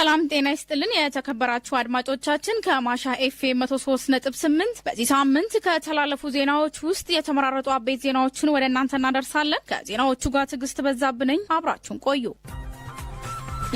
ሰላም ጤና ይስጥልን። የተከበራችሁ አድማጮቻችን ከማሻ ኤፍኤም መቶ ሶስት ነጥብ ስምንት በዚህ ሳምንት ከተላለፉ ዜናዎች ውስጥ የተመራረጡ አበይት ዜናዎችን ወደ እናንተ እናደርሳለን። ከዜናዎቹ ጋር ትዕግስት በዛብነኝ አብራችሁን ቆዩ።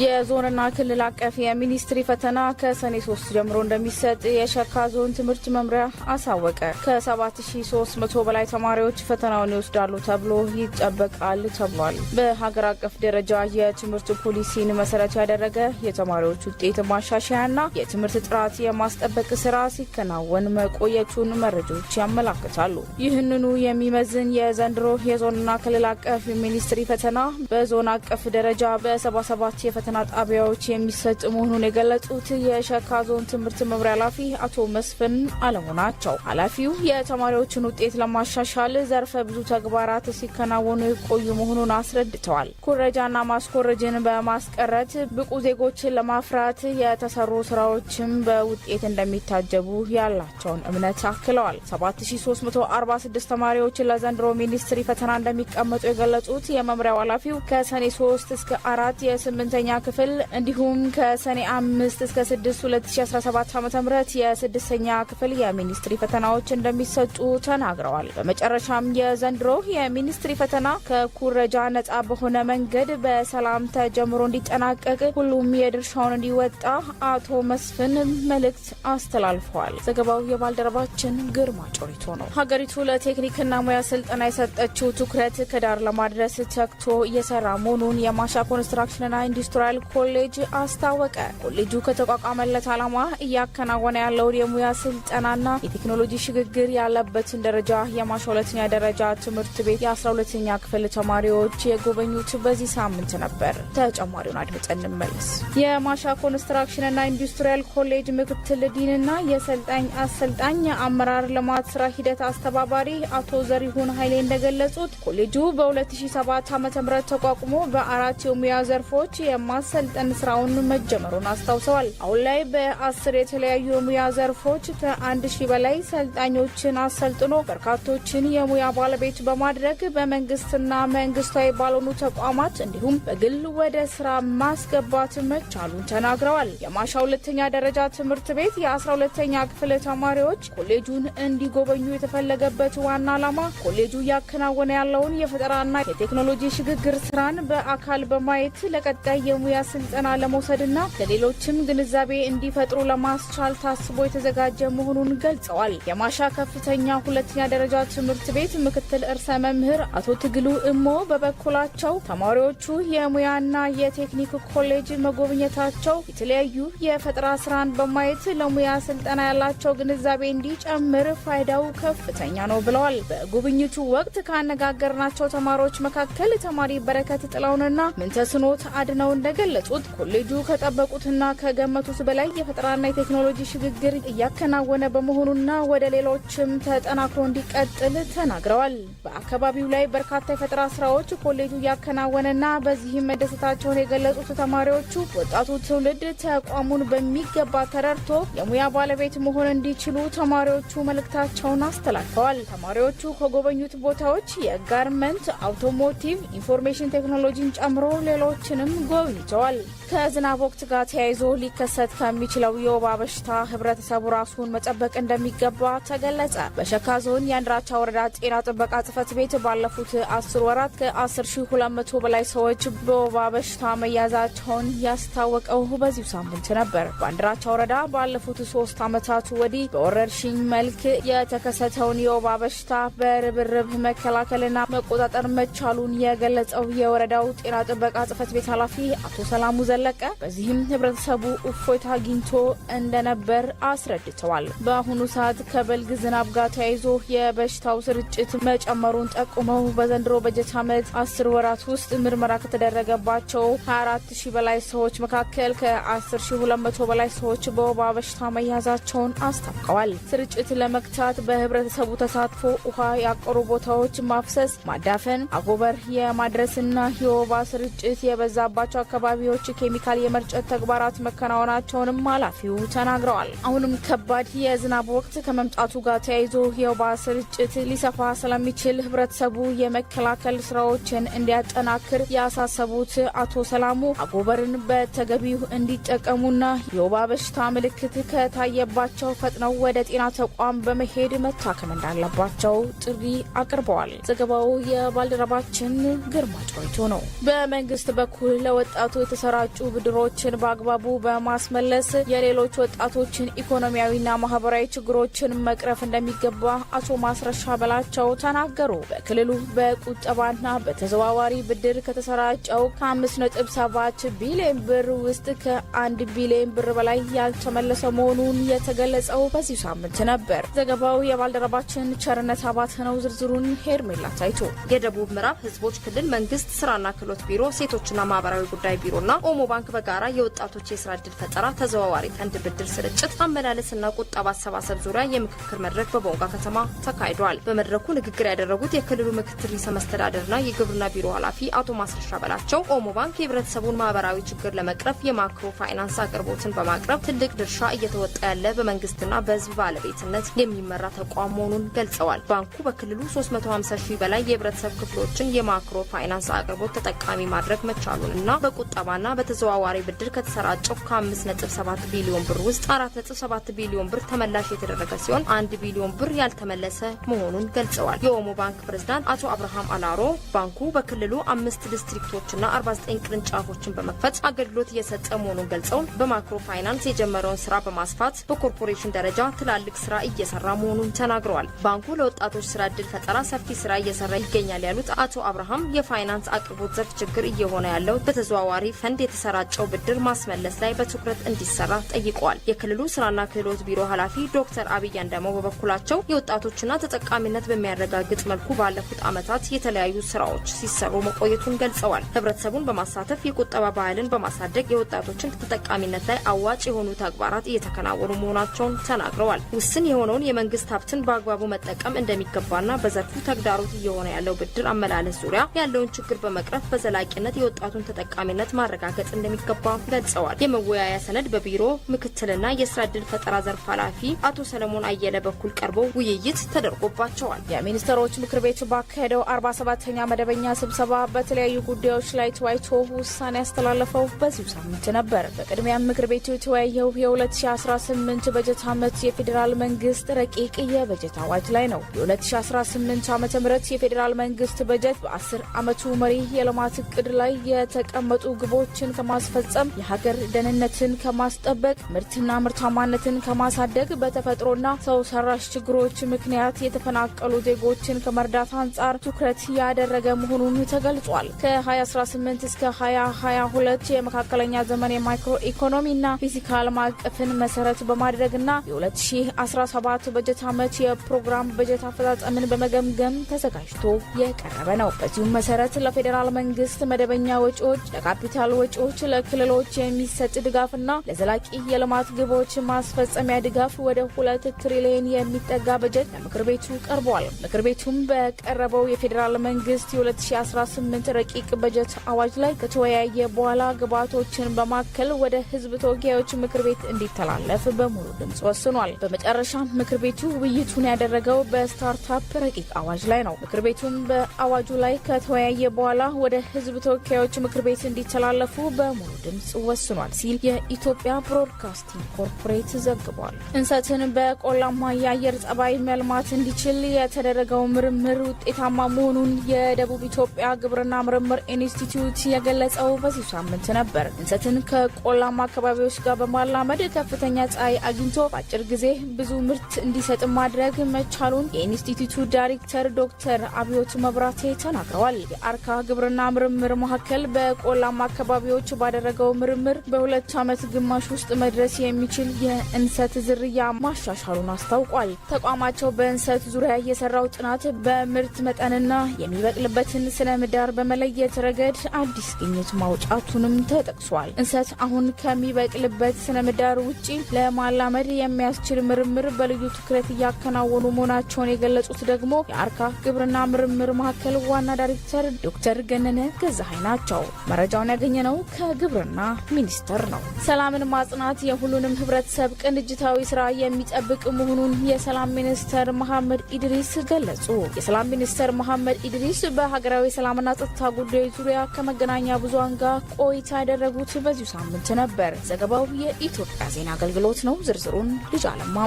የዞንና ክልል አቀፍ የሚኒስትሪ ፈተና ከሰኔ 3 ጀምሮ እንደሚሰጥ የሸካ ዞን ትምህርት መምሪያ አሳወቀ። ከ7300 በላይ ተማሪዎች ፈተናውን ይወስዳሉ ተብሎ ይጠበቃል ተብሏል። በሀገር አቀፍ ደረጃ የትምህርት ፖሊሲን መሰረት ያደረገ የተማሪዎች ውጤት ማሻሻያና የትምህርት ጥራት የማስጠበቅ ስራ ሲከናወን መቆየቱን መረጃዎች ያመላክታሉ። ይህንኑ የሚመዝን የዘንድሮ የዞንና ክልል አቀፍ ሚኒስትሪ ፈተና በዞን አቀፍ ደረጃ በ77 ፈተና ጣቢያዎች የሚሰጥ መሆኑን የገለጹት የሸካ ዞን ትምህርት መምሪያ ኃላፊ አቶ መስፍን አለሙ ናቸው። ኃላፊው የተማሪዎችን ውጤት ለማሻሻል ዘርፈ ብዙ ተግባራት ሲከናወኑ የቆዩ መሆኑን አስረድተዋል። ኩረጃና ማስኮረጅን በማስቀረት ብቁ ዜጎችን ለማፍራት የተሰሩ ስራዎችም በውጤት እንደሚታጀቡ ያላቸውን እምነት አክለዋል። 7346 ተማሪዎች ለዘንድሮ ሚኒስትሪ ፈተና እንደሚቀመጡ የገለጹት የመምሪያው ኃላፊው ከሰኔ 3 እስከ አራት የስምንተኛ ክፍል እንዲሁም ከሰኔ አምስት እስከ ስድስት ሁለት ሺ አስራ ሰባት ዓመተ ምህረት የስድስተኛ ክፍል የሚኒስትሪ ፈተናዎች እንደሚሰጡ ተናግረዋል። በመጨረሻም የዘንድሮ የሚኒስትሪ ፈተና ከኩረጃ ነጻ በሆነ መንገድ በሰላም ተጀምሮ እንዲጠናቀቅ ሁሉም የድርሻውን እንዲወጣ አቶ መስፍን መልእክት አስተላልፈዋል። ዘገባው የባልደረባችን ግርማ ጮሪቶ ነው። ሀገሪቱ ለቴክኒክና ሙያ ስልጠና የሰጠችው ትኩረት ከዳር ለማድረስ ተግቶ እየሰራ መሆኑን የማሻ ኮንስትራክሽንና ኢንዱስትሪ ሪፈራል ኮሌጅ አስታወቀ። ኮሌጁ ከተቋቋመለት ዓላማ እያከናወነ ያለውን የሙያ ስልጠናና የቴክኖሎጂ ሽግግር ያለበትን ደረጃ የማሻ ሁለተኛ ደረጃ ትምህርት ቤት የ12ኛ ክፍል ተማሪዎች የጎበኙት በዚህ ሳምንት ነበር። ተጨማሪውን አድምጠን እንመለስ። የማሻ ኮንስትራክሽንና ኢንዱስትሪያል ኮሌጅ ምክትል ዲንና የሰልጣኝ አሰልጣኝ የአመራር ልማት ስራ ሂደት አስተባባሪ አቶ ዘሪሁን ኃይሌ እንደገለጹት ኮሌጁ በ2007 ዓ ም ተቋቁሞ በአራት የሙያ ዘርፎች የማ የማሰልጠን ስራውን መጀመሩን አስታውሰዋል። አሁን ላይ በአስር የተለያዩ የሙያ ዘርፎች ከአንድ ሺህ በላይ ሰልጣኞችን አሰልጥኖ በርካቶችን የሙያ ባለቤት በማድረግ በመንግስትና መንግስታዊ ባልሆኑ ተቋማት እንዲሁም በግል ወደ ስራ ማስገባት መቻሉን ተናግረዋል። የማሻ ሁለተኛ ደረጃ ትምህርት ቤት የአስራ ሁለተኛ ክፍል ተማሪዎች ኮሌጁን እንዲጎበኙ የተፈለገበት ዋና ዓላማ ኮሌጁ እያከናወነ ያለውን የፈጠራና የቴክኖሎጂ ሽግግር ስራን በአካል በማየት ለቀጣይ የሙያ ስልጠና ለመውሰድና ለሌሎችም ግንዛቤ እንዲፈጥሩ ለማስቻል ታስቦ የተዘጋጀ መሆኑን ገልጸዋል። የማሻ ከፍተኛ ሁለተኛ ደረጃ ትምህርት ቤት ምክትል እርሰ መምህር አቶ ትግሉ እሞ በበኩላቸው ተማሪዎቹ የሙያና የቴክኒክ ኮሌጅ መጎብኘታቸው የተለያዩ የፈጠራ ስራን በማየት ለሙያ ስልጠና ያላቸው ግንዛቤ እንዲጨምር ፋይዳው ከፍተኛ ነው ብለዋል። በጉብኝቱ ወቅት ካነጋገርናቸው ተማሪዎች መካከል ተማሪ በረከት ጥላውንና ምንተስኖት አድነውን እንደገለጹት ኮሌጁ ከጠበቁትና ከገመቱት በላይ የፈጠራና የቴክኖሎጂ ሽግግር እያከናወነ በመሆኑና ወደ ሌሎችም ተጠናክሮ እንዲቀጥል ተናግረዋል። በአካባቢው ላይ በርካታ የፈጠራ ስራዎች ኮሌጁ እያከናወነና በዚህም መደሰታቸውን የገለጹት ተማሪዎቹ ወጣቱ ትውልድ ተቋሙን በሚገባ ተረድቶ የሙያ ባለቤት መሆን እንዲችሉ ተማሪዎቹ መልእክታቸውን አስተላልፈዋል። ተማሪዎቹ ከጎበኙት ቦታዎች የጋርመንት፣ አውቶሞቲቭ፣ ኢንፎርሜሽን ቴክኖሎጂን ጨምሮ ሌሎችንም ጎብኝተዋል። It's all. ከዝናብ ወቅት ጋር ተያይዞ ሊከሰት ከሚችለው የወባ በሽታ ህብረተሰቡ ራሱን መጠበቅ እንደሚገባ ተገለጸ። በሸካ ዞን የአንድራቻ ወረዳ ጤና ጥበቃ ጽህፈት ቤት ባለፉት አስር ወራት ከ10200 በላይ ሰዎች በወባ በሽታ መያዛቸውን ያስታወቀው በዚሁ ሳምንት ነበር። በአንድራቻ ወረዳ ባለፉት ሶስት ዓመታት ወዲህ በወረርሽኝ መልክ የተከሰተውን የወባ በሽታ በርብርብ መከላከልና መቆጣጠር መቻሉን የገለጸው የወረዳው ጤና ጥበቃ ጽህፈት ቤት ኃላፊ አቶ ሰላሙ ዘ አለቀ። በዚህም ህብረተሰቡ እፎይታ አግኝቶ እንደነበር አስረድተዋል። በአሁኑ ሰዓት ከበልግ ዝናብ ጋር ተያይዞ የበሽታው ስርጭት መጨመሩን ጠቁመው በዘንድሮ በጀት ዓመት አስር ወራት ውስጥ ምርመራ ከተደረገባቸው 24 ሺህ በላይ ሰዎች መካከል ከ10 ሺህ 200 በላይ ሰዎች በወባ በሽታ መያዛቸውን አስታውቀዋል። ስርጭት ለመግታት በህብረተሰቡ ተሳትፎ ውሃ ያቀሩ ቦታዎች ማፍሰስ፣ ማዳፈን፣ አጎበር የማድረስና የወባ ስርጭት የበዛባቸው አካባቢዎች የኬሚካል የመርጨት ተግባራት መከናወናቸውንም ኃላፊው ተናግረዋል። አሁንም ከባድ የዝናብ ወቅት ከመምጣቱ ጋር ተያይዞ የወባ ስርጭት ሊሰፋ ስለሚችል ህብረተሰቡ የመከላከል ስራዎችን እንዲያጠናክር ያሳሰቡት አቶ ሰላሙ አጎበርን በተገቢው እንዲጠቀሙና የወባ በሽታ ምልክት ከታየባቸው ፈጥነው ወደ ጤና ተቋም በመሄድ መታከም እንዳለባቸው ጥሪ አቅርበዋል። ዘገባው የባልደረባችን ግርማ ጮይቶ ነው። በመንግስት በኩል ለወጣቱ የተሰራ የመጡ ብድሮችን በአግባቡ በማስመለስ የሌሎች ወጣቶችን ኢኮኖሚያዊና ማህበራዊ ችግሮችን መቅረፍ እንደሚገባ አቶ ማስረሻ በላቸው ተናገሩ። በክልሉ በቁጠባና በተዘዋዋሪ ብድር ከተሰራጨው ከ5.7 ቢሊዮን ብር ውስጥ ከ1 ቢሊዮን ብር በላይ ያልተመለሰ መሆኑን የተገለጸው በዚህ ሳምንት ነበር። ዘገባው የባልደረባችን ቸርነት አባት ነው። ዝርዝሩን ሄርሜላ ታይቶ የደቡብ ምዕራብ ህዝቦች ክልል መንግስት ስራና ክህሎት ቢሮ ሴቶችና ማህበራዊ ጉዳይ ቢሮና ኦሞ ከኢሞ ባንክ በጋራ የወጣቶች የስራ እድል ፈጠራ ተዘዋዋሪ ፈንድ ብድር ስርጭት አመላለስና ቁጠባ አሰባሰብ ዙሪያ የምክክር መድረክ በቦንጋ ከተማ ተካሂዷል። በመድረኩ ንግግር ያደረጉት የክልሉ ምክትል ርዕሰ መስተዳደርና የግብርና ቢሮ ኃላፊ አቶ ማስረሻ በላቸው ኦሞ ባንክ የህብረተሰቡን ማህበራዊ ችግር ለመቅረፍ የማክሮ ፋይናንስ አቅርቦትን በማቅረብ ትልቅ ድርሻ እየተወጣ ያለ በመንግስትና በህዝብ ባለቤትነት የሚመራ ተቋም መሆኑን ገልጸዋል። ባንኩ በክልሉ 350 ሺህ በላይ የህብረተሰብ ክፍሎችን የማክሮ ፋይናንስ አቅርቦት ተጠቃሚ ማድረግ መቻሉን እና በቁጠባና በተ ተዘዋዋሪ ብድር ከተሰራጨው ከ5.7 ቢሊዮን ብር ውስጥ 4.7 ቢሊዮን ብር ተመላሽ የተደረገ ሲሆን 1 ቢሊዮን ብር ያልተመለሰ መሆኑን ገልጸዋል። የኦሞ ባንክ ፕሬዝዳንት አቶ አብርሃም አላሮ ባንኩ በክልሉ አምስት ዲስትሪክቶችና 49 ቅርንጫፎችን በመክፈት አገልግሎት እየሰጠ መሆኑን ገልጸው በማክሮ ፋይናንስ የጀመረውን ስራ በማስፋት በኮርፖሬሽን ደረጃ ትላልቅ ስራ እየሰራ መሆኑን ተናግረዋል። ባንኩ ለወጣቶች ስራ እድል ፈጠራ ሰፊ ስራ እየሰራ ይገኛል ያሉት አቶ አብርሃም የፋይናንስ አቅርቦት ዘርፍ ችግር እየሆነ ያለው በተዘዋዋሪ ፈንድ የተሰ በሚሰራጨው ብድር ማስመለስ ላይ በትኩረት እንዲሰራ ጠይቋል። የክልሉ ስራና ክህሎት ቢሮ ኃላፊ ዶክተር አብይ አንደሞ በበኩላቸው የወጣቶችና ተጠቃሚነት በሚያረጋግጥ መልኩ ባለፉት ዓመታት የተለያዩ ስራዎች ሲሰሩ መቆየቱን ገልጸዋል። ህብረተሰቡን በማሳተፍ የቁጠባ ባህልን በማሳደግ የወጣቶችን ተጠቃሚነት ላይ አዋጭ የሆኑ ተግባራት እየተከናወኑ መሆናቸውን ተናግረዋል። ውስን የሆነውን የመንግስት ሀብትን በአግባቡ መጠቀም እንደሚገባና በዘርፉ ተግዳሮት እየሆነ ያለው ብድር አመላለስ ዙሪያ ያለውን ችግር በመቅረፍ በዘላቂነት የወጣቱን ተጠቃሚነት ማረጋገጥ እንደሚገባ ገልጸዋል። የመወያያ ሰነድ በቢሮ ምክትልና የስራ ዕድል ፈጠራ ዘርፍ ኃላፊ አቶ ሰለሞን አየለ በኩል ቀርቦ ውይይት ተደርጎባቸዋል። የሚኒስትሮች ምክር ቤቱ ባካሄደው 47ኛ መደበኛ ስብሰባ በተለያዩ ጉዳዮች ላይ ተወያይቶ ውሳኔ ያስተላለፈው በዚሁ ሳምንት ነበር። በቅድሚያም ምክር ቤቱ የተወያየው የ2018 በጀት ዓመት የፌዴራል መንግስት ረቂቅ የበጀት አዋጅ ላይ ነው። የ2018 ዓ ም የፌዴራል መንግስት በጀት በ10 ዓመቱ መሪ የልማት እቅድ ላይ የተቀመጡ ግቦችን ከማስፈጸም የሀገር ደህንነትን ከማስጠበቅ ምርትና ምርታማነትን ከማሳደግ በተፈጥሮና ሰው ሰራሽ ችግሮች ምክንያት የተፈናቀሉ ዜጎችን ከመርዳት አንጻር ትኩረት ያደረገ መሆኑን ተገልጿል። ከ2018 እስከ 2022 የመካከለኛ ዘመን የማይክሮ ኢኮኖሚና ፊዚካል ማዕቀፍን መሰረት በማድረግና የ2017 በጀት ዓመት የፕሮግራም በጀት አፈጻጸምን በመገምገም ተዘጋጅቶ የቀረበ ነው። በዚሁም መሰረት ለፌዴራል መንግስት መደበኛ ወጪዎች፣ ለካፒታል ወጪዎች ዞኖች ለክልሎች የሚሰጥ ድጋፍና ለዘላቂ የልማት ግቦች ማስፈጸሚያ ድጋፍ ወደ ሁለት ትሪሊየን የሚጠጋ በጀት ለምክር ቤቱ ቀርበዋል። ምክር ቤቱም በቀረበው የፌዴራል መንግስት የ2018 ረቂቅ በጀት አዋጅ ላይ ከተወያየ በኋላ ግብዓቶችን በማከል ወደ ህዝብ ተወካዮች ምክር ቤት እንዲተላለፍ በሙሉ ድምጽ ወስኗል። በመጨረሻም ምክር ቤቱ ውይይቱን ያደረገው በስታርታፕ ረቂቅ አዋጅ ላይ ነው። ምክር ቤቱም በአዋጁ ላይ ከተወያየ በኋላ ወደ ህዝብ ተወካዮች ምክር ቤት እንዲተላለፉ በሙሉ ድምፅ ወስኗል ሲል የኢትዮጵያ ብሮድካስቲንግ ኮርፖሬት ዘግቧል። እንሰትን በቆላማ የአየር ጸባይ መልማት እንዲችል የተደረገው ምርምር ውጤታማ መሆኑን የደቡብ ኢትዮጵያ ግብርና ምርምር ኢንስቲትዩት የገለጸው በዚህ ሳምንት ነበር። እንሰትን ከቆላማ አካባቢዎች ጋር በማላመድ ከፍተኛ ፀሐይ አግኝቶ በአጭር ጊዜ ብዙ ምርት እንዲሰጥ ማድረግ መቻሉን የኢንስቲትዩቱ ዳይሬክተር ዶክተር አብዮት መብራቴ ተናግረዋል። የአርካ ግብርና ምርምር ማዕከል በቆላማ አካባቢዎች ባለሙያዎች ባደረገው ምርምር በሁለት ዓመት ግማሽ ውስጥ መድረስ የሚችል የእንሰት ዝርያ ማሻሻሉን አስታውቋል። ተቋማቸው በእንሰት ዙሪያ የሰራው ጥናት በምርት መጠንና የሚበቅልበትን ስነ ምህዳር በመለየት ረገድ አዲስ ግኝት ማውጣቱንም ተጠቅሷል። እንሰት አሁን ከሚበቅልበት ስነ ምህዳር ውጪ ለማላመድ የሚያስችል ምርምር በልዩ ትኩረት እያከናወኑ መሆናቸውን የገለጹት ደግሞ የአርካ ግብርና ምርምር ማዕከል ዋና ዳይሬክተር ዶክተር ገነነ ገዛሀኝ ናቸው። መረጃውን ነው? ከግብርና ሚኒስቴር ነው። ሰላምን ማጽናት የሁሉንም ህብረተሰብ ቅንጅታዊ ስራ የሚጠብቅ መሆኑን የሰላም ሚኒስተር መሐመድ ኢድሪስ ገለጹ። የሰላም ሚኒስተር መሐመድ ኢድሪስ በሀገራዊ ሰላምና ጸጥታ ጉዳዮች ዙሪያ ከመገናኛ ብዙሃን ጋር ቆይታ ያደረጉት በዚሁ ሳምንት ነበር። ዘገባው የኢትዮጵያ ዜና አገልግሎት ነው። ዝርዝሩን ልጅ አለማሙ።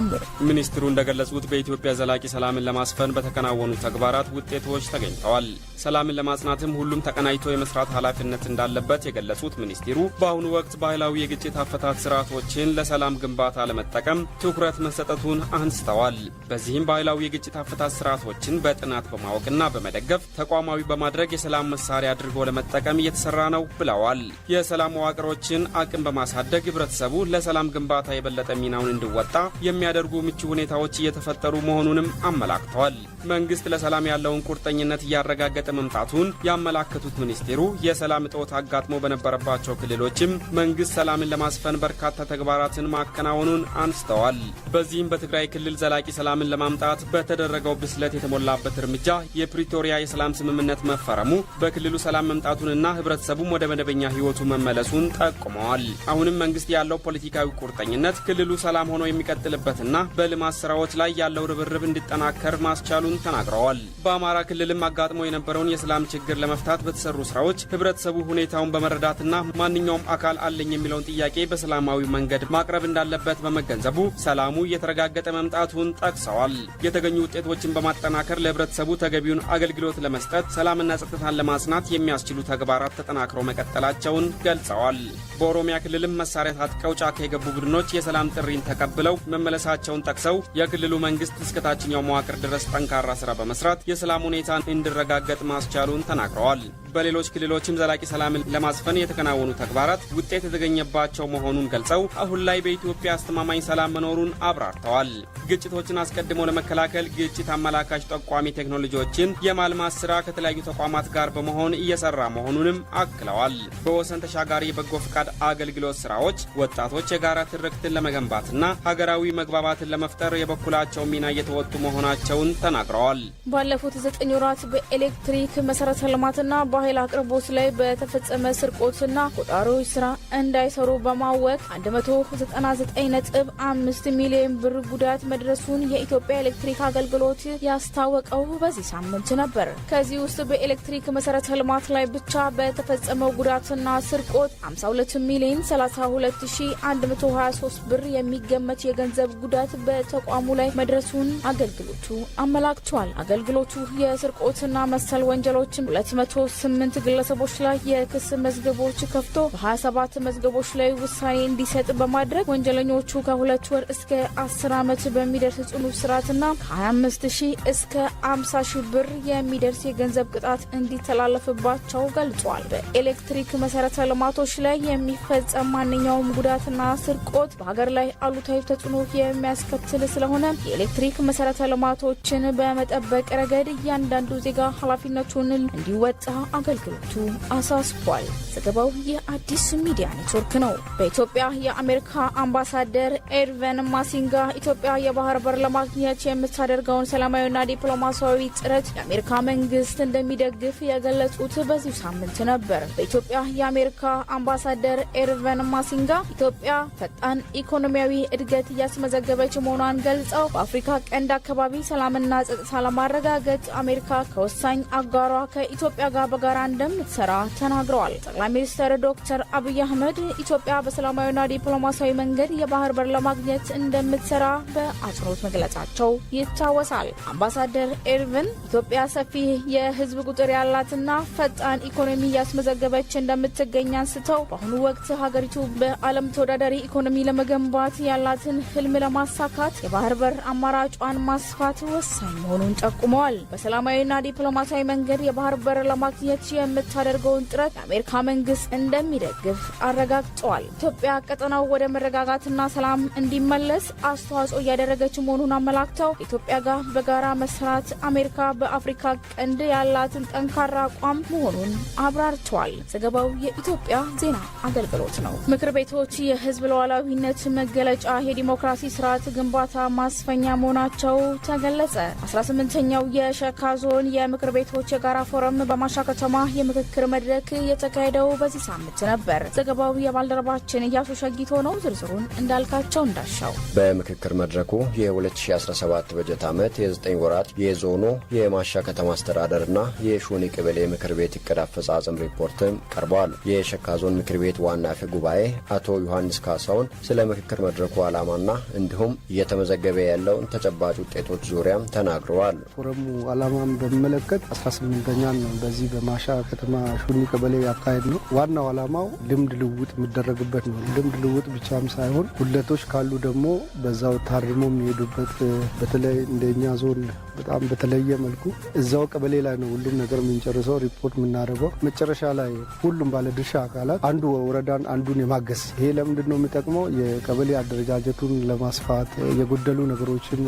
ሚኒስትሩ እንደገለጹት በኢትዮጵያ ዘላቂ ሰላምን ለማስፈን በተከናወኑ ተግባራት ውጤቶች ተገኝተዋል። ሰላምን ለማጽናትም ሁሉም ተቀናጅቶ የመስራት ኃላፊነት እንዳለበት የገለጹት ሚኒስቴሩ በአሁኑ ወቅት ባህላዊ የግጭት አፈታት ስርዓቶችን ለሰላም ግንባታ ለመጠቀም ትኩረት መሰጠቱን አንስተዋል። በዚህም ባህላዊ የግጭት አፈታት ስርዓቶችን በጥናት በማወቅና በመደገፍ ተቋማዊ በማድረግ የሰላም መሳሪያ አድርጎ ለመጠቀም እየተሰራ ነው ብለዋል። የሰላም መዋቅሮችን አቅም በማሳደግ ህብረተሰቡ ለሰላም ግንባታ የበለጠ ሚናውን እንዲወጣ የሚያደርጉ ምቹ ሁኔታዎች እየተፈጠሩ መሆኑንም አመላክተዋል። መንግስት ለሰላም ያለውን ቁርጠኝነት እያረጋገጠ መምጣቱን ያመላከቱት ሚኒስቴሩ የሰላም እጦት አጋጥሞ በነበረበት ባለባቸው ክልሎችም መንግስት ሰላምን ለማስፈን በርካታ ተግባራትን ማከናወኑን አንስተዋል። በዚህም በትግራይ ክልል ዘላቂ ሰላምን ለማምጣት በተደረገው ብስለት የተሞላበት እርምጃ የፕሪቶሪያ የሰላም ስምምነት መፈረሙ በክልሉ ሰላም መምጣቱንና ህብረተሰቡም ወደ መደበኛ ህይወቱ መመለሱን ጠቁመዋል። አሁንም መንግስት ያለው ፖለቲካዊ ቁርጠኝነት ክልሉ ሰላም ሆኖ የሚቀጥልበትና በልማት ስራዎች ላይ ያለው ርብርብ እንዲጠናከር ማስቻሉን ተናግረዋል። በአማራ ክልልም አጋጥሞ የነበረውን የሰላም ችግር ለመፍታት በተሰሩ ስራዎች ህብረተሰቡ ሁኔታውን በመረዳትና ማንኛውም አካል አለኝ የሚለውን ጥያቄ በሰላማዊ መንገድ ማቅረብ እንዳለበት በመገንዘቡ ሰላሙ እየተረጋገጠ መምጣቱን ጠቅሰዋል። የተገኙ ውጤቶችን በማጠናከር ለህብረተሰቡ ተገቢውን አገልግሎት ለመስጠት ሰላምና ጸጥታን ለማጽናት የሚያስችሉ ተግባራት ተጠናክረው መቀጠላቸውን ገልጸዋል። በኦሮሚያ ክልልም መሳሪያ ታጥቀው ጫካ የገቡ ቡድኖች የሰላም ጥሪን ተቀብለው መመለሳቸውን ጠቅሰው የክልሉ መንግስት እስከ ታችኛው መዋቅር ድረስ ጠንካራ ስራ በመስራት የሰላም ሁኔታን እንዲረጋገጥ ማስቻሉን ተናግረዋል። በሌሎች ክልሎችም ዘላቂ ሰላምን ለማስፈን የተከና የተከናወኑ ተግባራት ውጤት የተገኘባቸው መሆኑን ገልጸው አሁን ላይ በኢትዮጵያ አስተማማኝ ሰላም መኖሩን አብራርተዋል። ግጭቶችን አስቀድሞ ለመከላከል ግጭት አመላካች ጠቋሚ ቴክኖሎጂዎችን የማልማት ስራ ከተለያዩ ተቋማት ጋር በመሆን እየሰራ መሆኑንም አክለዋል። በወሰን ተሻጋሪ የበጎ ፈቃድ አገልግሎት ስራዎች ወጣቶች የጋራ ትርክትን ለመገንባትና ሀገራዊ መግባባትን ለመፍጠር የበኩላቸው ሚና እየተወጡ መሆናቸውን ተናግረዋል። ባለፉት ዘጠኝ ወራት በኤሌክትሪክ መሰረተ ልማትና በኃይል አቅርቦት ላይ በተፈጸመ ስርቆትና ቆጣሪዎች ስራ እንዳይሰሩ በማወቅ 199.5 ሚሊዮን ብር ጉዳት መድረሱን የኢትዮጵያ ኤሌክትሪክ አገልግሎት ያስታወቀው በዚህ ሳምንት ነበር። ከዚህ ውስጥ በኤሌክትሪክ መሰረተ ልማት ላይ ብቻ በተፈጸመው ጉዳትና ስርቆት 52 ሚሊዮን 32123 ብር የሚገመት የገንዘብ ጉዳት በተቋሙ ላይ መድረሱን አገልግሎቱ አመላክቷል። አገልግሎቱ የስርቆትና መሰል ወንጀሎችን 208 ግለሰቦች ላይ የክስ መዝገቦች ከፍቶ በ27 መዝገቦች ላይ ውሳኔ እንዲሰጥ በማድረግ ወንጀለኞቹ ከሁለት ወር እስከ 10 ዓመት በ የሚደርስ ጽኑ እስራትና ከ25 ሺህ እስከ 50 ሺህ ብር የሚደርስ የገንዘብ ቅጣት እንዲተላለፍባቸው ገልጿል። በኤሌክትሪክ መሰረተ ልማቶች ላይ የሚፈጸም ማንኛውም ጉዳትና ስርቆት በሀገር ላይ አሉታዊ ተጽዕኖ የሚያስከትል ስለሆነ የኤሌክትሪክ መሰረተ ልማቶችን በመጠበቅ ረገድ እያንዳንዱ ዜጋ ኃላፊነቱን እንዲወጣ አገልግሎቱ አሳስቧል። ዘገባው የአዲስ ሚዲያ ኔትወርክ ነው። በኢትዮጵያ የአሜሪካ አምባሳደር ኤርቨን ማሲንጋ ኢትዮጵያ የባህር በር ለማግኘት የምታደርገውን ሰላማዊና ዲፕሎማሲያዊ ጥረት የአሜሪካ መንግስት እንደሚደግፍ የገለጹት በዚሁ ሳምንት ነበር። በኢትዮጵያ የአሜሪካ አምባሳደር ኤርቨን ማሲንጋ ኢትዮጵያ ፈጣን ኢኮኖሚያዊ እድገት እያስመዘገበች መሆኗን ገልጸው በአፍሪካ ቀንድ አካባቢ ሰላምና ጸጥታ ለማረጋገጥ አሜሪካ ከወሳኝ አጋሯ ከኢትዮጵያ ጋር በጋራ እንደምትሰራ ተናግረዋል። ጠቅላይ ሚኒስትር ዶክተር አብይ አህመድ ኢትዮጵያ በሰላማዊና ዲፕሎማሲያዊ መንገድ የባህር በር ለማግኘት እንደምትሰራ በ አጽንኦት መግለጻቸው ይታወሳል። አምባሳደር ኤርቪን ኢትዮጵያ ሰፊ የህዝብ ቁጥር ያላትና ፈጣን ኢኮኖሚ እያስመዘገበች እንደምትገኝ አንስተው በአሁኑ ወቅት ሀገሪቱ በዓለም ተወዳዳሪ ኢኮኖሚ ለመገንባት ያላትን ህልም ለማሳካት የባህር በር አማራጯን ማስፋት ወሳኝ መሆኑን ጠቁመዋል። በሰላማዊና ዲፕሎማሲያዊ መንገድ የባህር በር ለማግኘት የምታደርገውን ጥረት የአሜሪካ መንግስት እንደሚደግፍ አረጋግጠዋል። ኢትዮጵያ ቀጠናው ወደ መረጋጋትና ሰላም እንዲመለስ አስተዋጽኦ እያደረገ እያደረገች መሆኑን አመላክተው ኢትዮጵያ ጋር በጋራ መስራት አሜሪካ በአፍሪካ ቀንድ ያላትን ጠንካራ አቋም መሆኑን አብራርተዋል። ዘገባው የኢትዮጵያ ዜና አገልግሎት ነው። ምክር ቤቶች የህዝብ ሉዓላዊነት መገለጫ የዲሞክራሲ ስርዓት ግንባታ ማስፈኛ መሆናቸው ተገለጸ። 18ኛው የሸካ ዞን የምክር ቤቶች የጋራ ፎረም በማሻ ከተማ የምክክር መድረክ የተካሄደው በዚህ ሳምንት ነበር። ዘገባው የባልደረባችን እያሱ ሸጊቶ ነው። ዝርዝሩን እንዳልካቸው እንዳሻው በምክክር መድረኩ የ2017 በጀት ዓመት የ9 ወራት የዞኑ የማሻ ከተማ አስተዳደርና የሹኒ ቅበሌ ምክር ቤት እቅድ አፈጻጸም ሪፖርትም ቀርበዋል። የሸካ ዞን ምክር ቤት ዋና አፈ ጉባኤ አቶ ዮሐንስ ካሳውን ስለ ምክክር መድረኩ ዓላማና እንዲሁም እየተመዘገበ ያለውን ተጨባጭ ውጤቶች ዙሪያም ተናግረዋል። ፎረሙ ዓላማን በሚመለከት 18ኛን በዚህ በማሻ ከተማ ሾኔ ቀበሌ ያካሄድ ነው። ዋናው ዓላማው ልምድ ልውጥ የሚደረግበት ነው። ልምድ ልውጥ ብቻም ሳይሆን ሁለቶች ካሉ ደግሞ በዛው ታርሞ ነው የሚሄዱበት በተለይ እንደኛ ዞን በጣም በተለየ መልኩ እዛው ቀበሌ ላይ ነው ሁሉም ነገር የምንጨርሰው ሪፖርት የምናደርገው። መጨረሻ ላይ ሁሉም ባለድርሻ አካላት አንዱ ወረዳን አንዱን የማገዝ ይሄ ለምንድን ነው የሚጠቅመው? የቀበሌ አደረጃጀቱን ለማስፋት የጎደሉ ነገሮችን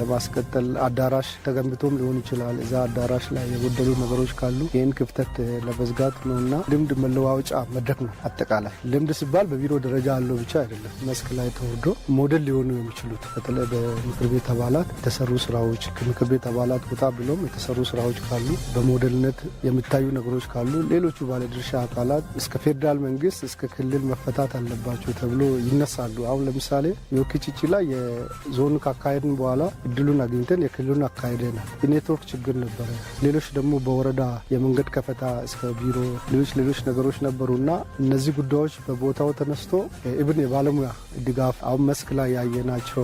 ለማስቀጠል አዳራሽ ተገንብቶም ሊሆን ይችላል። እዛ አዳራሽ ላይ የጎደሉ ነገሮች ካሉ ይህን ክፍተት ለመዝጋት ነው እና ልምድ መለዋወጫ መድረክ ነው። አጠቃላይ ልምድ ሲባል በቢሮ ደረጃ አለው ብቻ አይደለም። መስክ ላይ ተወርዶ ሞዴል ሊሆኑ የሚችሉት በተለይ በምክር ቤት አባላት የተሰሩ ስራዎች ከምክር ቤት አባላት ቦታ ብሎም የተሰሩ ስራዎች ካሉ በሞዴልነት የሚታዩ ነገሮች ካሉ ሌሎቹ ባለድርሻ አካላት እስከ ፌዴራል መንግስት እስከ ክልል መፈታት አለባቸው ተብሎ ይነሳሉ። አሁን ለምሳሌ የወኪችቺ ላይ የዞኑ ካካሄድን በኋላ እድሉን አግኝተን የክልሉን አካሄደናል። የኔትወርክ ችግር ነበረ። ሌሎች ደግሞ በወረዳ የመንገድ ከፈታ እስከ ቢሮ ሌሎች ሌሎች ነገሮች ነበሩና እነዚህ ጉዳዮች በቦታው ተነስቶ ኢብን የባለሙያ ድጋፍ አሁን መስክ ላይ ያየናቸው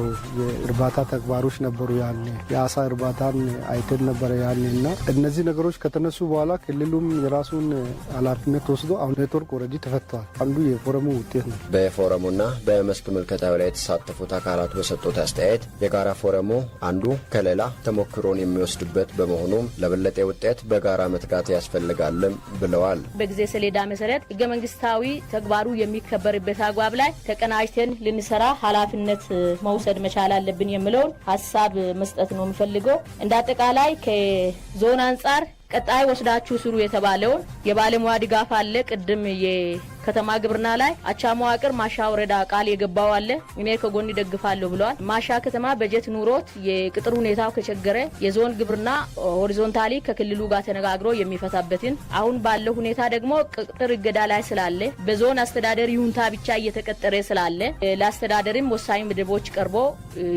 እርባታ ተግባሮች ነበሩ ያኔ የአሳ እርባታን አይተን ነበረ ያኔ እና እነዚህ ነገሮች ከተነሱ በኋላ ክልሉም የራሱን ኃላፊነት ወስዶ አሁን ኔትወርክ ወረዲ ተፈቷል። አንዱ የፎረሙ ውጤት ነው። በፎረሙና በመስክ ምልከታው ላይ የተሳተፉት አካላት በሰጡት አስተያየት የጋራ ፎረሙ አንዱ ከሌላ ተሞክሮን የሚወስድበት በመሆኑም ለበለጠ ውጤት በጋራ መትጋት ያስፈልጋልም ብለዋል። በጊዜ ሰሌዳ መሰረት ህገ መንግስታዊ ተግባሩ የሚከበርበት አግባብ ላይ ተቀናጅተን ልንሰራ ኃላፊነት መውሰድ መቻላል አለብን የምለውን ሀሳብ መስጠት ነው የምፈልገው። እንደ አጠቃላይ ከዞን አንጻር ቀጣይ ወስዳችሁ ስሩ የተባለውን የባለሙያ ድጋፍ አለ ቅድም ከተማ ግብርና ላይ አቻ መዋቅር ማሻ ወረዳ ቃል የገባው አለ እኔ ከጎን ይደግፋለሁ ብለዋል። ማሻ ከተማ በጀት ኑሮት የቅጥር ሁኔታው ከቸገረ የዞን ግብርና ሆሪዞንታሊ ከክልሉ ጋር ተነጋግሮ የሚፈታበትን አሁን ባለው ሁኔታ ደግሞ ቅጥር እገዳ ላይ ስላለ በዞን አስተዳደር ይሁንታ ብቻ እየተቀጠረ ስላለ ለአስተዳደርም ወሳኝ ምድቦች ቀርቦ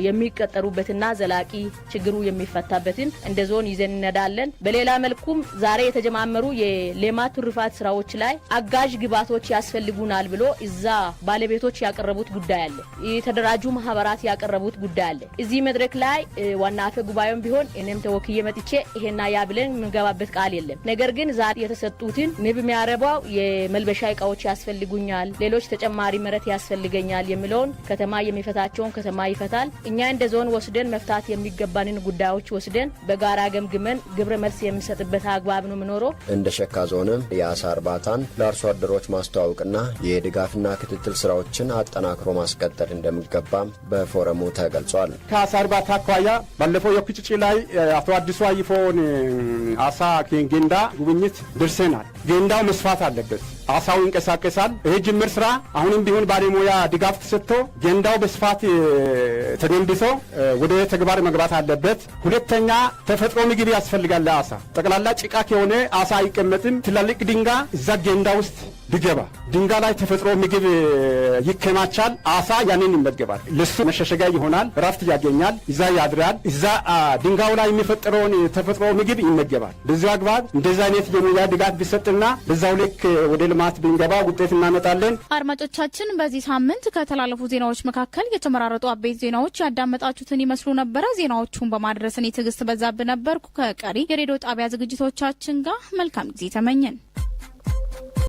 የሚቀጠሩበትና ዘላቂ ችግሩ የሚፈታበትን እንደ ዞን ይዘን እንነዳለን። በሌላ መልኩም ዛሬ የተጀማመሩ የሌማት ትሩፋት ስራዎች ላይ አጋዥ ግባቶች ያስፈልጉናል ብሎ እዛ ባለቤቶች ያቀረቡት ጉዳይ አለ። የተደራጁ ማህበራት ያቀረቡት ጉዳይ አለ። እዚህ መድረክ ላይ ዋና አፈ ጉባኤም ቢሆን እኔም ተወክዬ መጥቼ ይሄና ያ ብለን የምንገባበት ቃል የለም። ነገር ግን ዛ የተሰጡትን ንብ የሚያረባው የመልበሻ እቃዎች ያስፈልጉኛል፣ ሌሎች ተጨማሪ መሬት ያስፈልገኛል የሚለውን ከተማ የሚፈታቸውን ከተማ ይፈታል። እኛ እንደ ዞን ወስደን መፍታት የሚገባንን ጉዳዮች ወስደን በጋራ ገምግመን ግብረ መልስ የምንሰጥበት አግባብ ነው የምኖረው እንደ ሸካ ዞንም የአሳ እርባታን ለአርሶ አደሮች ማስተዋወ ማስታወቅና የድጋፍና ክትትል ስራዎችን አጠናክሮ ማስቀጠል እንደሚገባም በፎረሙ ተገልጿል። ከአሳ እርባታ አኳያ ባለፈው የኩጭጭ ላይ አቶ አዲሱ አይፎን አሳ ጌንዳ ጉብኝት ደርሰናል። ጌንዳው መስፋት አለበት። አሳው ይንቀሳቀሳል። ይህ ጅምር ስራ አሁንም ቢሆን ባለሙያ ድጋፍ ተሰጥቶ ጌንዳው በስፋት ተገንብቶ ወደ ተግባር መግባት አለበት። ሁለተኛ ተፈጥሮ ምግብ ያስፈልጋል። ለአሳ ጠቅላላ ጭቃ ከሆነ አሳ አይቀመጥም። ትላልቅ ድንጋ እዛ ጌንዳ ውስጥ ብገባ ድንጋይ ላይ ተፈጥሮ ምግብ ይከማቻል። አሳ ያንን ይመገባል። ልሱ መሸሸጊያ ይሆናል። ረፍት ያገኛል። እዛ ያድራል። እዛ ድንጋው ላይ የሚፈጥረውን ተፈጥሮ ምግብ ይመገባል። በዚ አግባብ እንደዚ አይነት የሙያ ድጋፍ ቢሰጥና በዛው ልክ ወደ ልማት ብንገባ ውጤት እናመጣለን። አድማጮቻችን፣ በዚህ ሳምንት ከተላለፉ ዜናዎች መካከል የተመራረጡ አበይት ዜናዎች ያዳመጣችሁትን ይመስሉ ነበረ። ዜናዎቹን በማድረስ እኔ ትዕግስት በዛብህ ነበርኩ። ከቀሪ የሬዲዮ ጣቢያ ዝግጅቶቻችን ጋር መልካም ጊዜ ተመኘን።